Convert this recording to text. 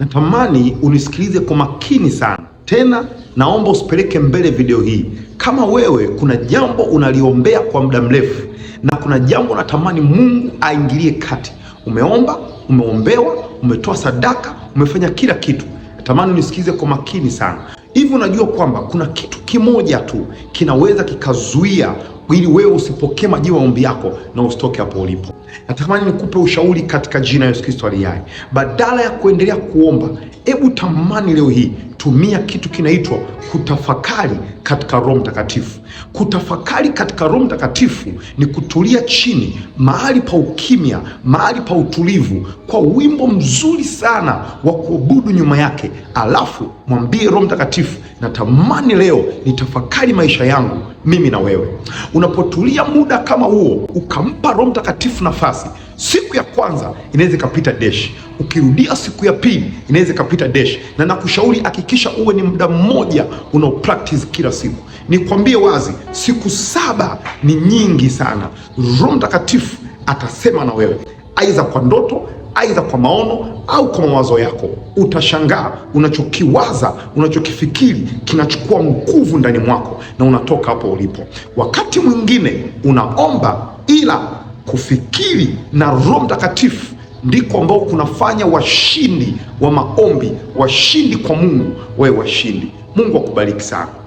Natamani unisikilize kwa makini sana tena, naomba usipeleke mbele video hii. Kama wewe kuna jambo unaliombea kwa muda mrefu na kuna jambo unatamani Mungu aingilie kati, umeomba, umeombewa, umetoa sadaka, umefanya kila kitu, natamani unisikilize kwa makini sana. Hivi unajua kwamba kuna kitu kimoja tu kinaweza kikazuia ili wewe usipokee majibu ya ombi yako na usitoke hapo ulipo. Natamani nikupe ushauri katika jina la Yesu Kristo aliye hai. Badala ya kuendelea kuomba, hebu tamani leo hii tumia kitu kinaitwa kutafakari katika Roho Mtakatifu. Kutafakari katika Roho Mtakatifu ni kutulia chini mahali pa ukimya, mahali pa utulivu, kwa wimbo mzuri sana wa kuabudu nyuma yake, alafu mwambie Roho Mtakatifu, natamani leo nitafakari maisha yangu, mimi na wewe. Unapotulia muda kama huo, ukampa Roho Mtakatifu nafasi Siku ya kwanza inaweza ikapita dash, ukirudia siku ya pili inaweza ikapita dash, na nakushauri hakikisha uwe ni muda mmoja unao practice kila siku. Nikwambie wazi, siku saba ni nyingi sana. Roho Mtakatifu atasema na wewe aidha kwa ndoto aidha kwa maono au kwa mawazo yako. Utashangaa unachokiwaza, unachokifikiri kinachukua nguvu ndani mwako na unatoka hapo ulipo. Wakati mwingine unaomba ila kufikiri na Roho Mtakatifu ndiko ambao kunafanya washindi wa maombi, washindi kwa Mungu wawe washindi. Mungu akubariki sana.